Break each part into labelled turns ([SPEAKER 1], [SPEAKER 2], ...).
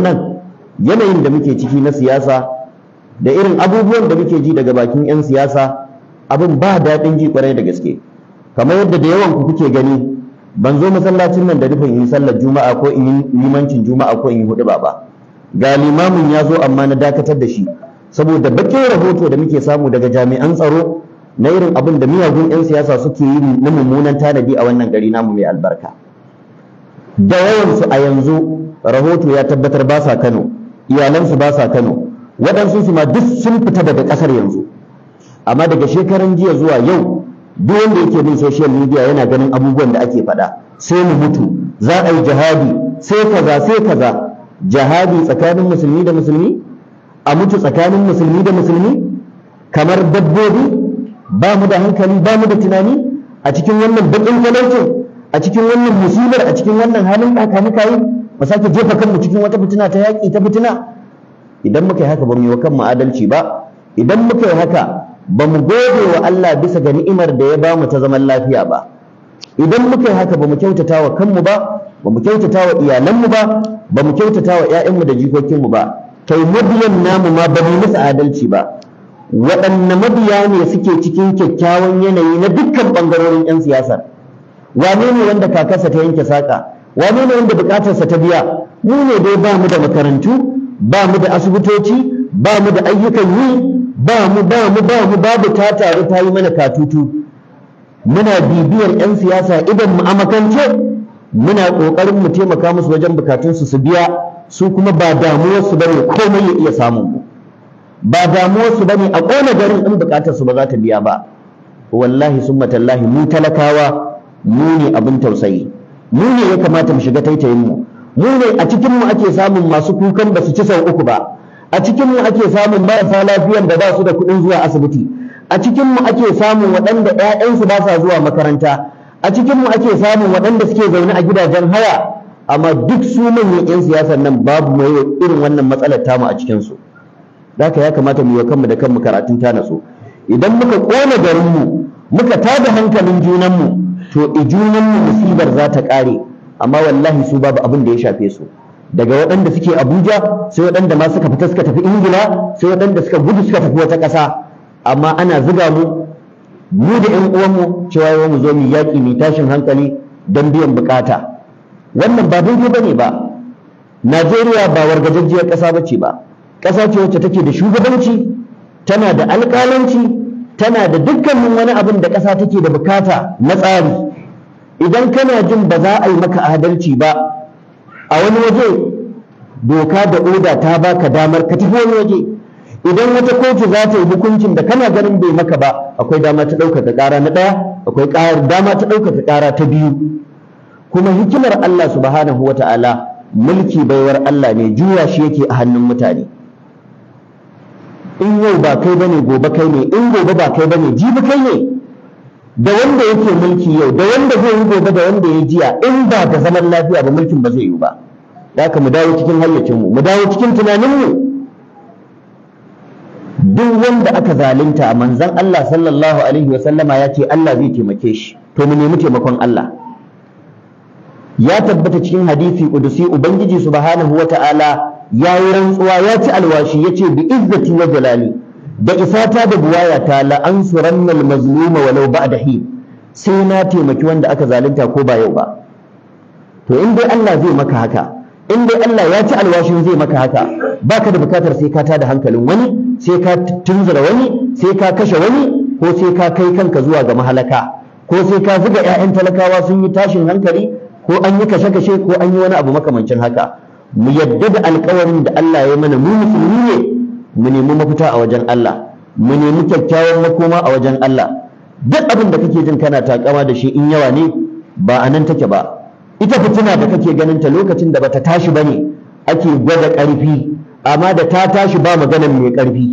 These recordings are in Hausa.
[SPEAKER 1] nan yanayin da muke ciki na siyasa da irin abubuwan da muke ji daga bakin 'yan siyasa abin ba daɗin ji kwarai da gaske kamar yadda da yawan ku kuke gani ban zo masallacin nan da nufin in sallar juma'a ko in yi limancin juma'a ko in yi hudu ba ga limamin ya zo amma na dakatar da shi saboda bakin rahoto da muke samu daga jami'an tsaro na irin abin da miyagun 'yan siyasa suke yi na mummunan tanadi a wannan gari namu mai albarka da yawansu a yanzu rahoto ya tabbatar ba sa Kano iyalansu ba sa Kano waɗansu su ma duk sun fita daga ƙasar yanzu amma daga shekaran jiya zuwa yau duk wanda yake bin social media yana ganin abubuwan da ake faɗa sai mu mutu za a yi jihadi sai kaza sai kaza jihadi tsakanin musulmi da musulmi a mutu tsakanin musulmi da musulmi kamar dabbobi ba mu da hankali ba mu da tunani a cikin wannan baƙin talaucin a cikin wannan musibar a cikin wannan halin ɗaka muka yi mu sake jefa kanmu cikin wata fitina ta yaƙi ta fitina idan muka yi haka ba mu yi wa kanmu adalci ba idan muka yi haka ba mu gode wa Allah bisa ga ni'imar da ya bamu ta zaman lafiya ba idan muka yi haka ba mu kyautata wa kanmu ba ba mu kyautata wa iyalanmu ba ba mu kyautata wa ‘ya'yanmu da jikokinmu ba kai mabiyan namu ma ba mu musu adalci ba waɗanne mabiya ne suke cikin kyakkyawan yanayi na dukkan ɓangarorin ‘yan siyasar wane ne wanda kakarsa ta yanke saƙa Wani ne wanda bukatarsa ta biya mu ne dai ba mu da makarantu ba mu da asibitoci ba mu da ayyukan yi ba mu ba mu ba mu babu ta taru ta yi mana katutu muna bibiyar 'yan siyasa idan mu a muna ƙoƙarin mu taimaka musu wajen bukatunsu su biya su kuma ba damuwarsu bane komai ya iya samun mu ba damuwarsu bane a ƙona garin in bukatarsu ba za ta biya ba wallahi summa tallahi mu talakawa mu ne abin tausayi mu ne ya kamata mu shiga taitayin mu mu ne a cikin mu ake samun masu kukan ba su ci sau uku ba a cikin mu ake samun marasa lafiyan da ba su da kuɗin zuwa asibiti a cikin mu ake samun waɗanda ƴaƴansu ba sa zuwa makaranta a cikin mu ake samun waɗanda suke zaune a gidajen haya amma duk su manyan 'yan siyasar nan babu mai irin wannan matsalar tamu a cikinsu haka ya kamata mu yi kanmu da kanmu karatun ta idan muka ƙona garinmu muka tada hankalin junanmu to ijunan musibar za ta kare, amma wallahi su babu abin da ya shafe su daga waɗanda suke abuja sai waɗanda ma suka fita suka tafi ingila sai waɗanda suka gudu suka tafi wata ƙasa amma ana zuga mu mu da ƴan uwanmu cewa yau mu zo mu yaƙi mu tashin hankali don biyan bukata wannan ba daidai bane ba najeriya ba wargajajjiyar ƙasa ba ce ba ƙasa ce wacce take da shugabanci tana da alƙalanci tana da dukkanin wani abin da ƙasa take da bukata na tsari idan kana jin ba za a yi maka adalci ba a wani waje doka da oda ta baka damar ka tafi wani waje idan wata kotu za ta yi hukuncin da kana ganin bai maka ba akwai dama ta ɗaukaka ƙara na ɗaya akwai dama ta ɗaukaka ƙara ta biyu kuma hikimar Allah subhanahu wa ta'ala mulki baiwar Allah ne juya shi yake a hannun mutane in yau ba kai bane gobe kai ne in gobe ba kai bane jibi kai ne da wanda yake mulki yau da wanda zai yi gobe da wanda ya jiya in ba da zaman lafiya ba mulkin ba zai yi ba haka mu dawo cikin hayyacinmu mu dawo cikin tunaninmu duk wanda aka zalunta manzon Allah sallallahu alaihi wa ya ce Allah zai taimake shi to mu nemi taimakon Allah ya tabbata cikin hadisi kudusi ubangiji subhanahu wata'ala ya yi rantsuwa ya ci alwashi ya ce bi izzati wa jalali da isata da buwaya ta la'ansuranna al-mazluma walau ba'da hi sai na taimaki wanda aka zalunta ko ba yau ba to in dai Allah zai maka haka in dai Allah ya ci alwashin zai maka haka baka da bukatar sai ka tada hankalin wani sai ka tunzura wani sai ka kashe wani ko sai ka kai kanka zuwa ga mahalaka ko sai ka zuga 'ya'yan talakawa sun yi tashin hankali ko an yi kashe-kashe ko an yi wani abu makamancin haka mu yadda da alkawarin da Allah ya mana mu musulmi ne mu nemi mafita a wajen Allah mu nemi kyakkyawan makoma a wajen Allah duk abin da kake jin kana takama da shi in yawa ne ba a nan take ba ita fitina da kake ganin ta lokacin da bata tashi bane ake gwada karfi amma da ta tashi ba maganan mai karfi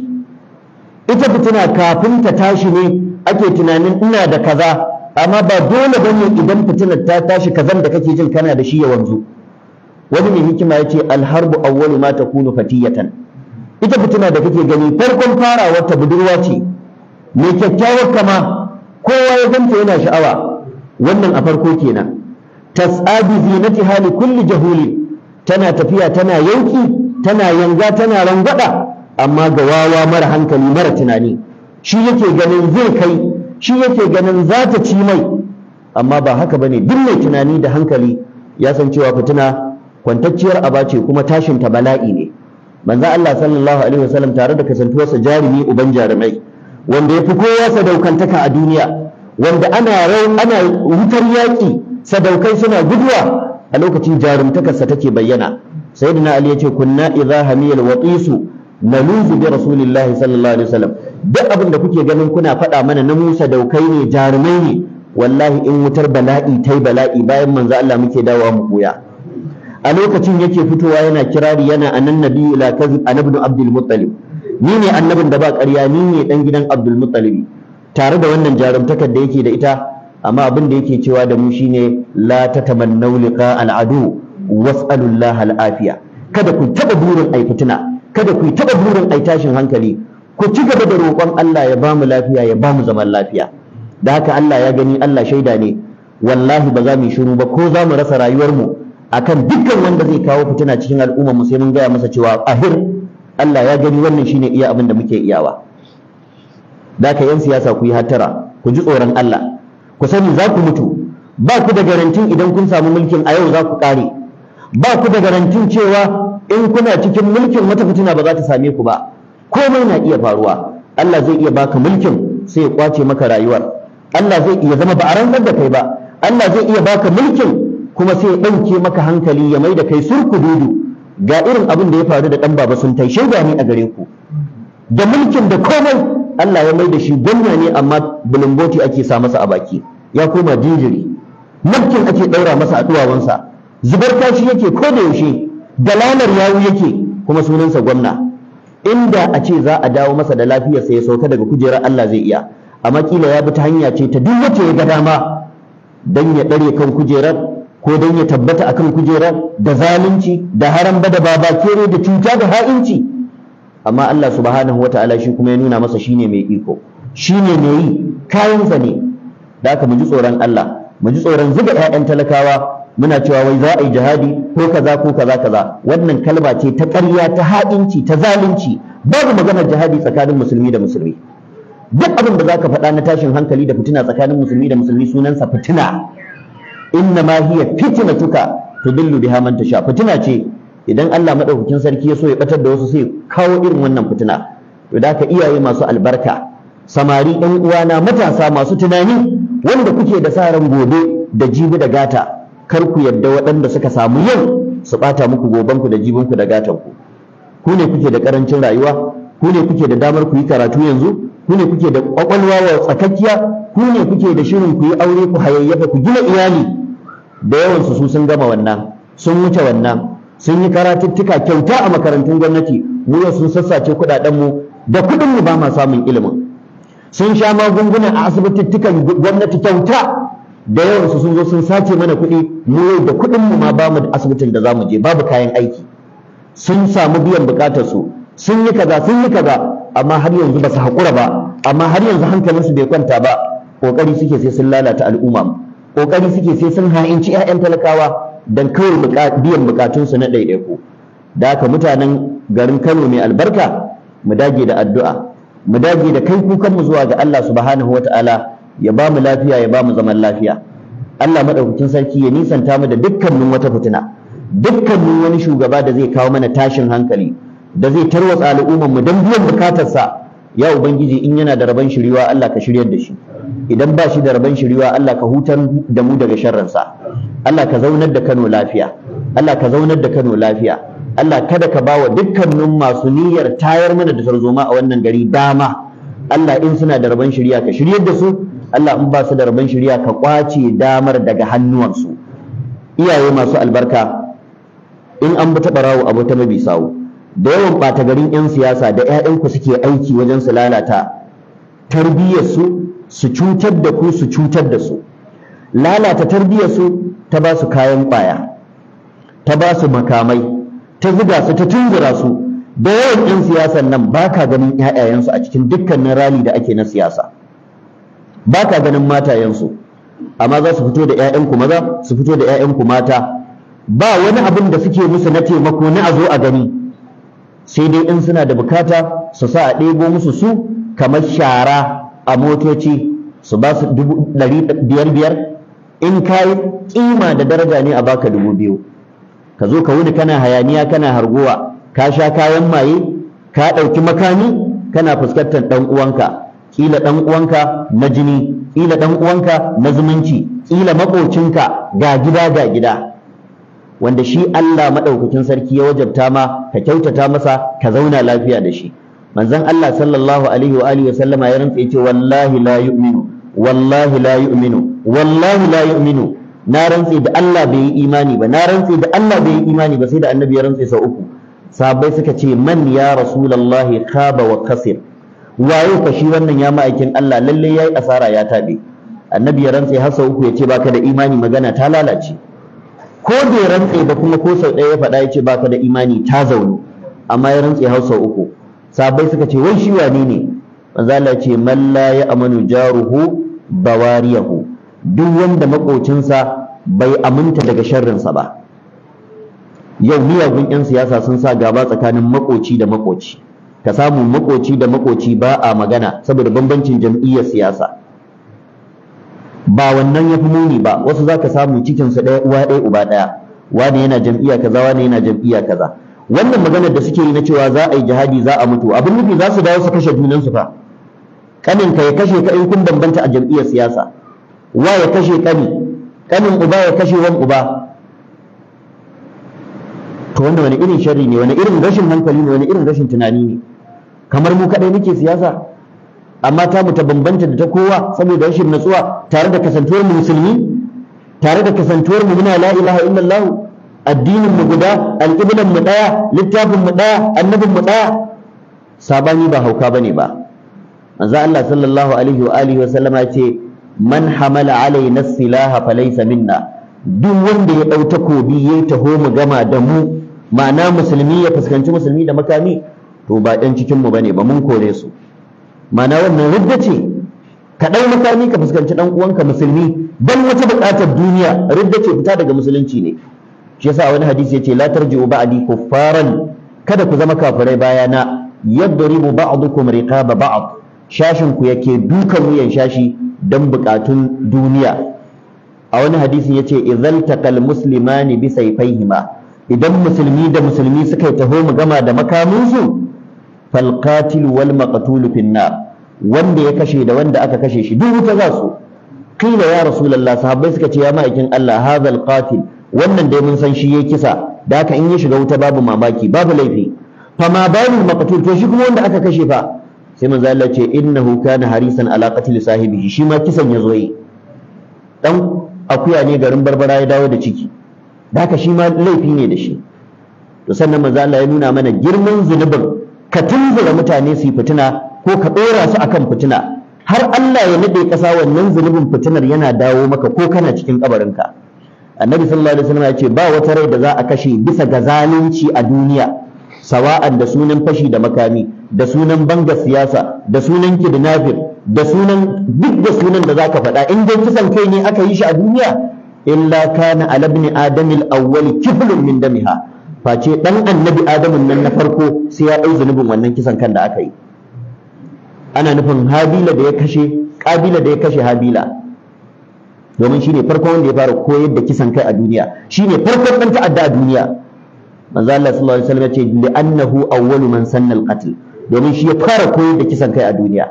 [SPEAKER 1] ita fitina kafin ta tashi ne ake tunanin ina da kaza amma ba dole bane idan fitinar ta tashi kazan da kake jin kana da shi ya wanzu wani mai hikima ya ce alharbu awwalu ma takunu fatiyatan ita fitina da kake gani farkon farawa ta budurwa ce mai kyakkyawar kama kowa ya ganta yana sha'awa wannan a farko kenan tas'abi zinati hali kulli jahuli tana tafiya tana yauki tana yanga tana rangwada amma ga wawa mara hankali mara tunani shi yake ganin zai kai shi yake ganin za ta ci mai amma ba haka bane duk mai tunani da hankali ya san cewa fitina kwantacciyar aba ce kuma tashinta bala'i ne manzo Allah sallallahu alaihi wasallam tare da kasantuwarsa jarumi uban jarumai wanda ya fi kowa sadaukantaka a duniya wanda ana ana wutar yaƙi sadaukai suna guduwa a lokacin jarumtakarsa take bayyana sayyidina ali ya ce kunna idza hamiyal waqisu nanuzu bi rasulillahi sallallahu alaihi wasallam duk abin da kuke ganin kuna faɗa mana na musa daukai ne jarumai ne wallahi in wutar bala'i tai bala'i bayan manzo Allah muke dawowa mu buya a lokacin yake fitowa yana kirari yana anan nabi ila kazib anabnu abdul muttalib ni ne annabin da ba ƙarya ni ne dan gidan abdul muttalib tare da wannan jarumtakar da yake da ita amma abin da yake cewa da mu shine la tatamannaw liqa al adu was'alu Allah al afiya kada ku taba burin ai fitina kada ku taba burin ai tashin hankali ku ci gaba da roƙon Allah ya bamu lafiya ya bamu zaman lafiya da haka Allah ya gani Allah shaida ne wallahi ba za mu shiru ba ko za mu rasa rayuwar mu akan dukkan wanda zai kawo fitina cikin al'ummar mu sai mun gaya masa cewa ahir Allah ya gani wannan shine iya abin da muke iyawa da ka yan siyasa ku yi hattara ku ji tsoron Allah ku sani za ku mutu ba ku da garantin idan kun samu mulkin a yau za ku kare ba ku da garantin cewa in kuna cikin mulkin wata fitina ba za ta same ku ba komai na iya faruwa Allah zai iya baka mulkin sai ya kwace maka rayuwar Allah zai iya zama ba a rantsar da kai ba Allah zai iya baka mulkin kuma sai ya ɗauke maka hankali ya mai da kai surku dudu ga irin abin da ya faru da ɗan baba sun tai shaida ne a gare ku da mulkin da komai Allah ya mai da shi gwamna ne amma bulumboti ake sa masa a baki ya koma jinjiri mulkin ake ɗaura masa a duwawansa zubar kashi yake ko da yaushe dalalar yawu yake kuma sunansa gwamna inda a ce za a dawo masa da lafiyarsa ya sauka daga kujerar Allah zai iya amma kila ya bi ta hanya ce ta duk wacce ya ga dama dan ya ɗare kan kujerar ko don ya tabbata akan kujerar da zalunci da haram da baba, babakere da cuta da ha'inci amma Allah subhanahu wa ta'ala shi kuma ya nuna masa shine mai iko shine mai yi kayansa ne da aka mu ji tsoron Allah mu ji tsoron zuga 'ya'yan talakawa muna cewa wai za a yi jihadi ko kaza ko kaza kaza wannan kalba ce ta ƙarya ta ha'inci ta zalunci babu maganar jihadi tsakanin musulmi da musulmi duk abin da zaka faɗa na tashin hankali da fitina tsakanin musulmi da musulmi sunansa fitina inna ma hiya fitnatuka tudillu biha man tasha fitina ce idan Allah madaukakin sarki ya so ya batar da wasu sai kawo irin wannan fitina to da ka iyaye masu albarka samari ɗan uwana matasa masu tunani wanda kuke da sa ran gobe da jibi da gata kar ku yarda waɗanda suka samu yau su bata muku gobanku da jibinku da gatanku ku ne kuke da ƙarancin rayuwa ku ne kuke da damar ku yi karatu yanzu ku ne kuke da kwakwalwa wa tsakakkiya ku ne kuke da shirin ku yi aure ku hayayyafa ku gina iyali da yawansu su sun gama wannan sun wuce wannan sun yi karatuttuka kyauta a makarantun gwamnati mu yau sun sassace kuɗaɗenmu da kuɗinmu ba ma samun ilimin sun sha magunguna a asibitittukan gwamnati kyauta da yawansu sun zo sun sace mana kuɗi mu yau da kuɗinmu ma ba mu da asibitin da za mu je babu kayan aiki sun samu biyan bukatarsu sun yi kaza sun yi kaza amma har yanzu ba su haƙura ba amma har yanzu hankalinsu bai kwanta ba ƙoƙari suke sai sun lalata al'umma kokari suke sai sun ha'inci 'ya'yan talakawa dan kawai biyan bukatunsu na ɗaiɗaiku da haka mutanen garin kano mai albarka mu dage da addu'a mu dage da kai kukanmu zuwa ga allah subhanahu wataala ya ba mu lafiya ya ba mu zaman lafiya allah maɗaukakin sarki ya nisanta mu da dukkanin wata fitina dukkanin wani shugaba da zai kawo mana tashin hankali da zai tarwatsa al'ummar mu don biyan bukatarsa ya ubangiji in yana da rabon shiriwa Allah ka shiryar da shi idan ba shi da rabon shiriwa Allah ka hutar da mu daga sharransa Allah ka zaunar da Kano lafiya Allah ka zaunar da Kano lafiya Allah kada ka bawa dukkanin masu niyyar tayar mana da tarzoma a wannan gari dama Allah in suna da rabon shiriya ka shiryar da su Allah in ba su da rabon shiriya ka kwace damar daga hannuwansu iyaye masu albarka in an bi ta barawo abu ta mabi sawu da yawan ɓata garin 'yan siyasa da 'ya'yanku suke aiki wajen su lalata tarbiyyarsu su cutar da ku su cutar da su lalata tarbiyyarsu ta ba su kayan ƙwaya ta ba su makamai ta zuga su ta tunzura su da yawan 'yan siyasan nan ba ka ganin 'ya'yayensu a cikin dukkanin rali da ake na siyasa ba ka ganin matayensu amma za su fito da 'ya'yanku maza su fito da 'ya'yanku mata ba wani abin da suke musu na taimako na a zo a gani sai dai in suna da bukata su sa a ɗebo musu su kamar shara a motoci su ba su dubu ɗari biyar biyar in ka yi da daraja ne a baka dubu biyu ka zo ka wuni kana hayaniya kana harguwa ka sha kayan maye ka ɗauki makami kana fuskantar ɗan uwanka ƙila ɗan uwanka na jini ƙila ɗan uwanka na zumunci ƙila maƙocinka ga gida ga gida wanda shi Allah madaukakin sarki ya wajabta ma ka kyautata masa ka zauna lafiya da shi manzon Allah sallallahu alaihi wa alihi wasallama ya rantsa yace wallahi la yu'minu wallahi la yu'minu wallahi la yu'minu na rantsa da Allah bai yi imani ba na rantsa da Allah bai yi imani ba sai da annabi ya rantsa sau uku sahabbai suka ce man ya rasulullahi khaba wa kasir waye ka shi wannan ya ma'aikin Allah lalle yayi asara ya tabe annabi ya rantsa har sau uku ya ce baka da imani magana ta lalace ko bai rantse ba kuma ko sau ɗaya ya faɗa ya ce baka da imani ta zaune amma ya rantse har sau uku sabai suka ce wai shi wane ne manzo Allah ce malla ya amanu jaruhu bawariyahu duk wanda makocinsa bai aminta daga sharrinsa ba yau miyagun 'yan siyasa sun sa gaba tsakanin makoci da makoci ka samu makoci da makoci ba a magana saboda bambancin jam'iyyar siyasa ba wannan ya fi muni ba wasu za ka samu cikinsu ɗaya uwa ɗaya uba ɗaya wani yana jam'iyya kaza wani yana jam'iyya kaza wannan maganar da suke yi na cewa za a yi jihadi za a mutu abin nufi za su dawo su kashe junansu fa kanin ka ya kashe ka in kun bambanta a jam'iyyar siyasa wa ya kashe kani kanin uba ya kashe wan uba to wanda wani irin sharri ne wani irin rashin hankali ne wani irin rashin tunani ne kamar mu kadai muke siyasa amma ta mu ta bambanta da ta kowa saboda rashin natsuwa tare da kasantuwar mu musulmi tare da kasantuwar mu muna la ilaha illallah addinin mu guda alƙiblan mu daya littafin mu daya annabin mu daya sabani ba hauka bane ba manzo Allah sallallahu alaihi wa alihi wa sallama ce man hamala alaina silaha falaysa minna duk wanda ya ɗau takobi ya taho mu gama da mu ma'ana musulmi ya fuskanci musulmi da makami to ba dan cikin mu bane ba mun kore su ma'ana wannan ridda ce ka ɗau makami ka fuskanci ɗan uwanka musulmi dan wata buƙatar duniya ridda ce fita daga musulunci ne shi yasa wani hadisi yace la tarji'u ba'di kuffaran kada ku zama kafirai bayana yadribu ba'dukum riqaba ba'd shashin ku yake dukan wuyan shashi dan buƙatun duniya a wani hadisi yace idzal taqal muslimani bi idan musulmi da musulmi suka taho mu gama da makaminsu falkatil wal maqtul fin nar wanda ya kashe da wanda aka kashe shi duk wuta za su qila ya rasulullah sahabbai suka ce ya ma'aikin Allah hadha al qatil wannan dai mun san shi ya kisa da haka in ya shiga wuta babu mamaki babu laifi fama balul maqtul to shi kuma wanda aka kashe fa sai manzo Allah ce innahu kana harisan ala qatl sahibihi shi ma kisan ya zo yi dan akuya ne garin barbara ya dawo da ciki da haka shi ma laifi ne da shi to sannan manzo Allah ya nuna mana girman zunubin ka tunzura mutane su yi fitina ko ka ɗora su akan fitina har Allah ya nade ƙasa wannan zunubin fitinar yana dawo maka ko kana cikin kabarinka annabi sallallahu alaihi wasallam ya ce ba wata rai da za a kashe bisa ga zalunci a duniya sawa'an da sunan fashi da makami da sunan banga siyasa da sunan kidnapping da sunan duk da sunan da zaka faɗa in dai kisan kai ne aka yi shi a duniya illa kana alabni adamil al-awwal kiflun min damiha face dan annabi adamun nan na farko sai ya ɗau zunubin wannan kisan kan da aka yi ana nufin habila da ya kashe kabila da ya kashe habila domin ne farko wanda ya fara koyar da kisan kai a duniya ne farkon ɗan ta'adda a duniya manzo Allah sallallahu alaihi wasallam ya ce li annahu awwalu man sanna al-qatl domin shi ya fara koyar da kisan kai a duniya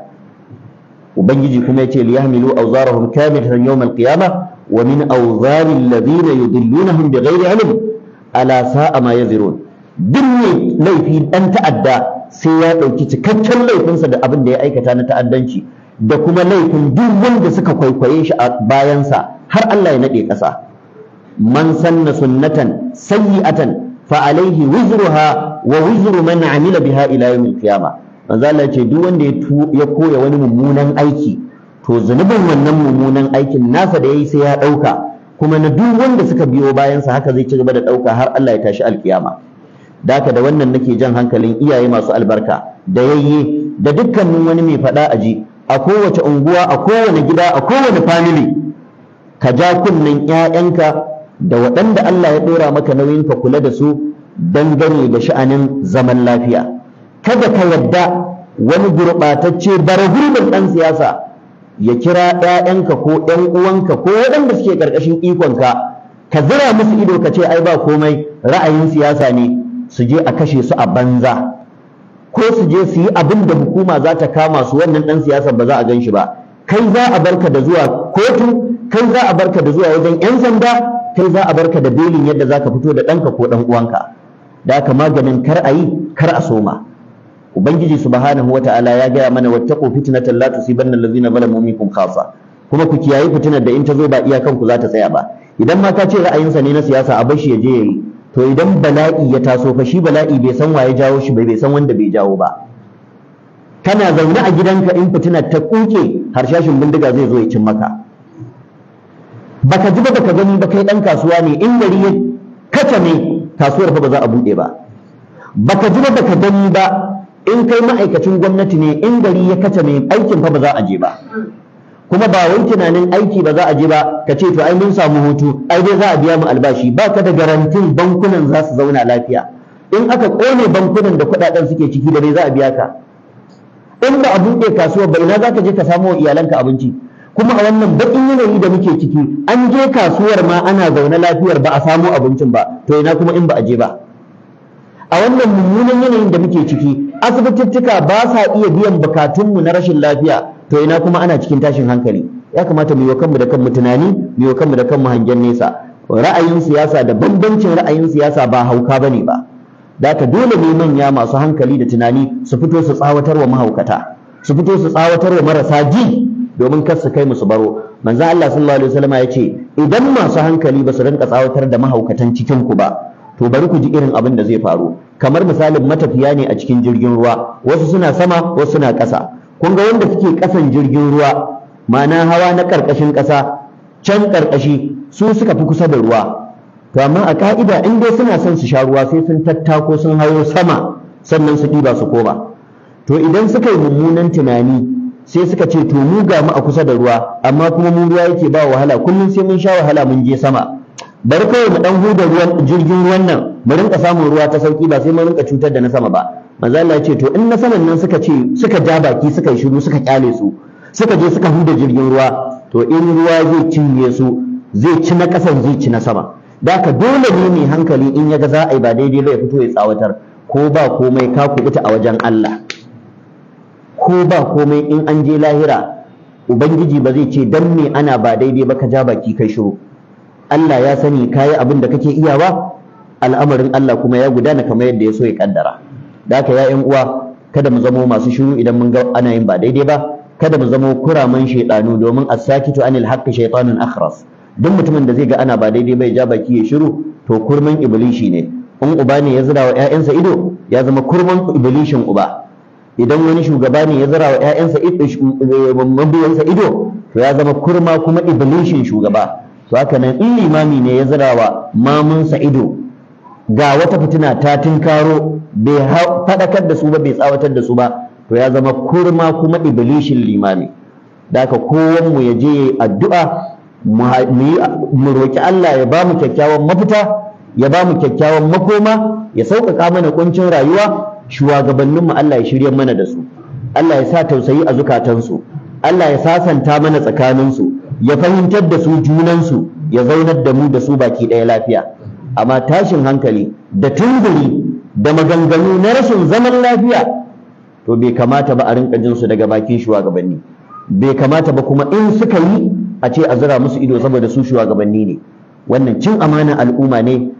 [SPEAKER 1] ubangiji kuma ya ce li yahmilu awzarahum kamilatan yawm al-qiyamah wa min awzari alladhina yudillunahum bighayri ilm ala sa'a ma yazirun duk mai laifi ɗan ta'adda sai ya ɗauki cikakken laifinsa da abin da ya aikata na ta'addanci da kuma laifin duk wanda suka kwaikwaye shi a bayansa har Allah ya naɗe ƙasa man sanna sunnatan sayyi'atan fa alaihi wizruha wa wizru man amila biha ila yawmil qiyama manzo Allah ce duk wanda ya koya wani mummunan aiki to zunubin wannan mummunan aikin nasa da yayi sai ya ɗauka kuma na duk wanda suka biyo bayansa haka zai ci gaba da ɗauka har Allah ya tashi alkiyama daka da wannan nake jan hankalin iyaye masu albarka da yayye da dukkanin wani mai faɗa aji a kowace unguwa a kowane gida a kowane family ka ja kunnen 'ya'yanka da waɗanda Allah ya ɗora maka nauyin ka kula da su dangane da sha'anin zaman lafiya kada ka yadda wani gurɓatacce bara gurbin ɗan siyasa ya kira ‘ya'yanka ko ‘yan uwanka ko waɗanda suke ƙarƙashin ikonka ka zira musu ido ka ce ai ba komai ra'ayin siyasa ne su je a kashe su a banza ko su je su yi abin da hukuma za ta kama su wannan ɗan siyasa ba za a gan shi ba kai za a barka da zuwa kotu kai za a barka da zuwa wajen ‘yan sanda kai za a barka da belin yadda za ka fito da ɗanka ko ɗan uwanka da haka maganin kar a yi kar a soma ubangiji subhanahu wataala ya gaya mana wattaqu fitnatan la tusibanna allazina zalamu minkum khassa kuma ku kiyaye fitinar da in ta zo ba iya ku za ta tsaya ba idan ma ka ce ra'ayinsa ne na siyasa a bashi ya je yayi to idan bala'i ya taso fa shi bala'i bai san waye jawo shi bai san wanda bai jawo ba kana zaune a gidanka in fitinar ta kuke harshashin bindiga zai zo ya cin maka baka ji ba baka gani ba kai dan kasuwa ne in gari ya kace ne kasuwar fa ba za a buɗe ba baka ji ba baka gani ba in kai ma'aikacin gwamnati ne in gari ya kace mai aikin fa ba za a je ba kuma ba wai tunanin aiki ba za a je ba ka ce to ai mun samu hutu ai dai za a biya mu albashi ba ka da garantin bankunan za su zauna lafiya in aka kone bankunan da kudaden suke ciki da dai za a biya ka in ba a buɗe kasuwar ba ina za ka je ka samo wa iyalanka abinci kuma a wannan baƙin yanayi da muke ciki an je kasuwar ma ana zaune lafiyar ba a samu abincin ba to ina kuma in ba a je ba a wannan mummunan yanayin da muke ciki asibitittuka ba sa iya biyan bukatunmu na rashin lafiya to ina kuma ana cikin tashin hankali ya kamata mu yi kanmu da kanmu tunani mu yi kanmu da kanmu hangen nesa ra'ayin siyasa da bambancin ra'ayin siyasa ba hauka bane ba da ka dole ne manya masu hankali da tunani su fito su tsawatar wa mahaukata su fito su tsawatar wa marasa ji domin kar su kai musu baro manzo Allah sallallahu alaihi wasallam ya ce idan masu hankali ba su rinka tsawatar da mahaukatan cikin ku ba to bari ku ji irin abin da zai faru kamar misalin matafiya ne a cikin jirgin ruwa wasu suna sama wasu suna ƙasa kun ga wanda suke ƙasan jirgin ruwa ma'ana hawa na ƙarƙashin ƙasa can ƙarƙashi su suka fi kusa da ruwa to amma a ka'ida in dai suna son su sha ruwa sai sun tattako sun hawo sama sannan su ɗiba su koma to idan suka yi mummunan tunani sai suka ce to mu ga mu a kusa da ruwa amma kuma mu ruwa yake ba wahala kullum sai mun sha wahala mun je sama bari kawai mu dan huda ruwan jirgin ruwan nan mu rinka samun ruwa ta sauki ba sai mu rinka cutar da na sama ba manzo Allah ya ce to in na saman nan suka ce suka ja baki suka yi shiru suka kyale su suka je suka huda jirgin ruwa to in ruwa zai cinye su zai ci na kasan zai ci na sama da ka dole ne mai hankali in ya ga za a yi ba daidai ba ya fito ya tsawatar ko ba komai ka kubuta a wajen Allah ko ba komai in an je lahira ubangiji ba zai ce dan me ana ba daidai ba ka ja baki kai shiru Allah ya sani kayi abin da kake iyawa al'amarin Allah kuma ya gudana kamar yadda ya so ya kaddara da haka ya uwa kada mu zamo masu shiru idan mun ga ana yin ba daidai ba kada mu zamo kuraman shaitanu domin as-sakitu anil haqqi shaytanun akhras duk mutumin da zai ga ana ba daidai bai ja baki ya shiru to kurmin iblishi ne in uba ne ya zira wa ƴaƴansa ido ya zama kurmin iblishin uba idan wani shugaba ne ya zira wa ƴaƴansa ido eh, eh, mabiyansa ido to ya zama kurma kuma iblishin shugaba to haka nan in limami ne ya wa mamunsa ido ga wata fitina ta tinkaro bai faɗakar da su ba bai tsawatar da su ba to ya zama kurma kuma ibilishin limami da haka mu ya je addu'a mu roƙi Allah ya ba mu kyakkyawan mafita ya ba mu kyakkyawan makoma ya sauƙaƙa mana ƙuncin rayuwa mu Allah ya shirya mana da su Allah ya sa tausayi a zukatansu Allah ya sasanta mana tsakaninsu ya fahimtar da su junansu ya zaunar da mu da su baki ɗaya lafiya amma tashin hankali da tunguri da maganganu na rashin zaman lafiya to bai kamata ba a rinka jin su daga bakin shugabanni bai kamata ba kuma in suka yi a ce a zura musu ido saboda su shugabanni ne wannan cin amanan al'umma ne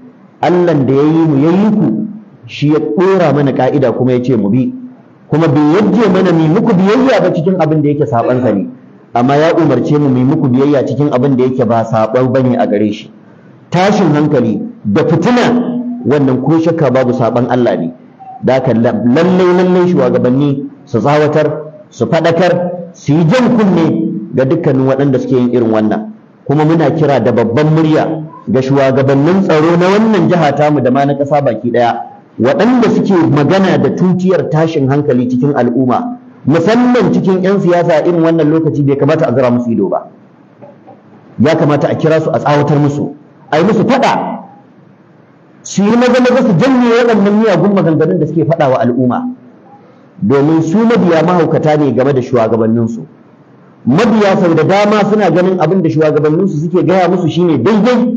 [SPEAKER 1] Allahn da ya yi mu ya ku shi ya ɗora mana ka'ida kuma ya ce mu bi kuma bai yadda mana mi muku biyayya ba cikin abin da yake sabansa ne amma ya umarce mu mai muku biyayya cikin abin da yake ba saɓon bane a gare shi tashin hankali da fitina wannan ko shakka babu saɓan Allah ne da haka lallai lallai shugabanni su tsawatar su faɗakar su yi jan kunne ga dukkanin waɗanda suke yin irin wannan kuma muna kira da babban murya ga shugabannin tsaro na wannan jiha tamu da ma na ƙasa baki ɗaya waɗanda suke magana da tutiyar tashin hankali cikin al'umma musamman cikin 'yan siyasa irin wannan lokaci bai kamata a zira musu ido ba ya kamata a kira su a tsawatar musu a yi musu faɗa su yi maza maza su janye waɗannan miyagun maganganun da suke faɗa wa al'umma domin su mabiya mahaukata ne game da shugabanninsu mabiya sau da dama suna ganin abin da shugabanninsu suke gaya musu shine daidai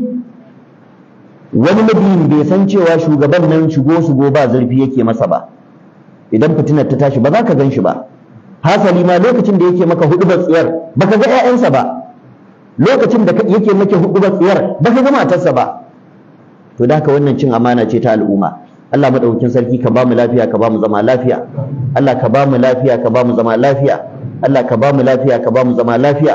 [SPEAKER 1] wani mabiyin bai san cewa shugaban nan shigo shigo ba zurfi yake masa ba idan fitinar ta tashi ba za ka gan shi ba hasali ma lokacin da yake maka hudu tsiyar baka ga ƴaƴansa ba lokacin da yake maka hudu tsiyar baka ga matarsa ba to da haka wannan cin amana ce ta al'umma Allah madaukakin sarki ka bamu lafiya ka bamu zama lafiya Allah ka bamu lafiya ka bamu zama lafiya Allah ka bamu lafiya ka bamu zama lafiya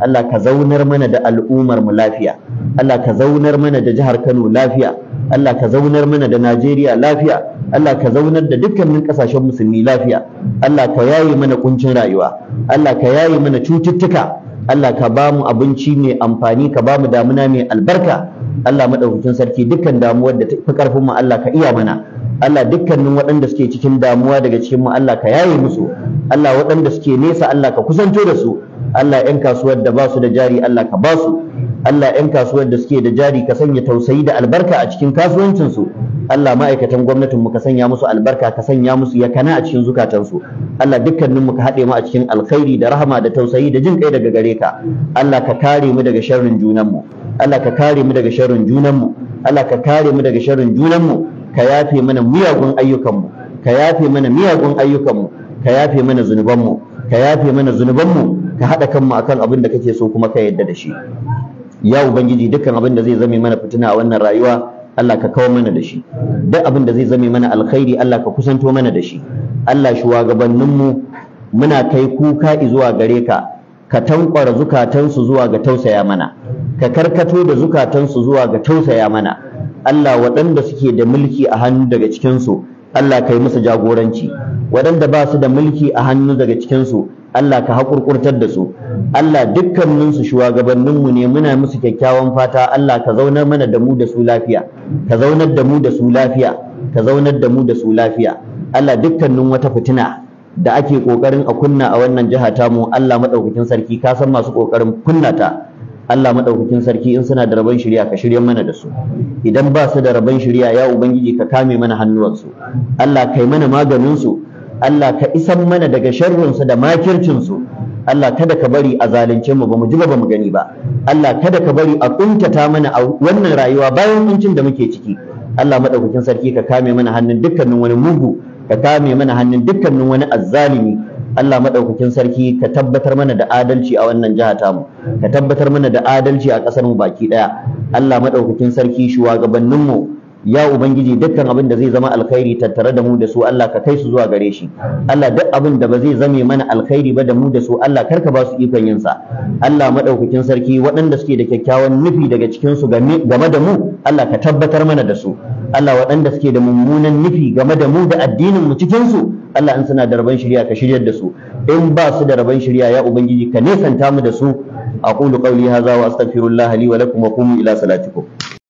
[SPEAKER 1] Allah ka zaunar mana da al'ummar mu lafiya Allah ka zaunar mana da jihar Kano lafiya Allah ka zaunar mana da Najeriya lafiya Allah ka zaunar da dukkanin kasashen musulmi lafiya Allah ka yaye mana kuncin rayuwa Allah ka yaye mana cututtuka Allah ka ba mu abinci mai amfani ka ba mu damuna mai albarka Allah madaukakin sarki dukkan damuwar da ta fi karfin mu Allah ka iya mana Allah dukkanin waɗanda suke cikin damuwa daga cikin mu Allah ka yaye musu Allah waɗanda suke nesa Allah ka kusanto da su Allah 'yan kasuwar da ba su da jari Allah ka ba su Allah 'yan kasuwar da suke da jari ka sanya tausayi da albarka a cikin kasuwancinsu Allah ma'aikatan gwamnatinmu ka sanya musu albarka ka sanya musu yakana a cikin zukatansu Allah dukkaninmu ka haɗe mu a cikin alkhairi da rahama da tausayi da jin kai daga gare ka Allah ka kare mu daga sharrin junanmu Allah ka kare mu daga sharrin junanmu Allah ka kare mu daga sharrin junanmu ka yafe mana miyagun ayyukanmu ka yafe mana miyagun ayyukanmu ka yafe mana zunubanmu ka yafe mana zunubanmu ka haɗa kanmu akan abin da kake so kuma ka yarda da shi ya ubangiji dukkan abin da zai zame mana fitina a wannan rayuwa Allah ka kawo mana da shi duk abin da zai zame mana alkhairi Allah ka kusanto mana da shi Allah mu muna kai kuka zuwa gare ka ka tankwara zukatansu zuwa ga tausaya mana ka karkato da zukatansu zuwa ga tausaya mana Allah waɗanda suke da mulki a hannu daga cikin su Allah ka yi musu jagoranci waɗanda ba su da mulki a hannu daga cikinsu Allah ka haƙurƙurtar da su Allah dukkaninsu shugabanninmu ne muna musu kyakkyawan fata Allah ka zaunar mana da mu da su lafiya ka zaunar da mu da su lafiya ka zaunar da mu da su lafiya Allah dukkanin wata fitina da ake ƙoƙarin a kunna a wannan jiha tamu Allah maɗaukakin sarki ka san masu ƙoƙarin kunnata. Allah madaukakin sarki in suna da rabon shari'a ka shirya mana da su idan ba su da rabon shirya ya ubangiji ka kame mana hannuwansu Allah kai mana maganin su Allah ka isan mana daga sharrin su da makircin su Allah kada ka bari a zalunce mu ba mu ji ba mu gani ba Allah kada ka bari a kuntata mana a wannan rayuwa bayan kuncin da muke ciki Allah madaukakin sarki ka kame mana hannun dukkanin wani mugu ka kame mana hannun dukkanin wani azzalimi Allah maɗaukakin sarki ka tabbatar mana da adalci a wannan jiha tamu ka tabbatar mana da adalci a ƙasar mu baki ɗaya, Allah maɗaukakin sarki shuwagabannin mu ya ubangiji dukkan abin da zai zama alkhairi tattare da mu da su Allah ka kai su zuwa gare shi Allah duk abin da ba zai zame mana alkhairi ba da mu da su Allah kar ka ba su ikon yin sa Allah madaukakin sarki waɗanda suke da kyakkyawan nufi daga cikin su game da mu Allah ka tabbatar mana da su Allah waɗanda suke da mummunan nufi game da mu da addinin mu cikin su Allah in suna da rabon shirya ka shiryar da su in ba su da rabon shirya ya ubangiji ka nesanta mu da su aqulu qawli hadha wa astaghfirullah li wa lakum wa qumu ila salatikum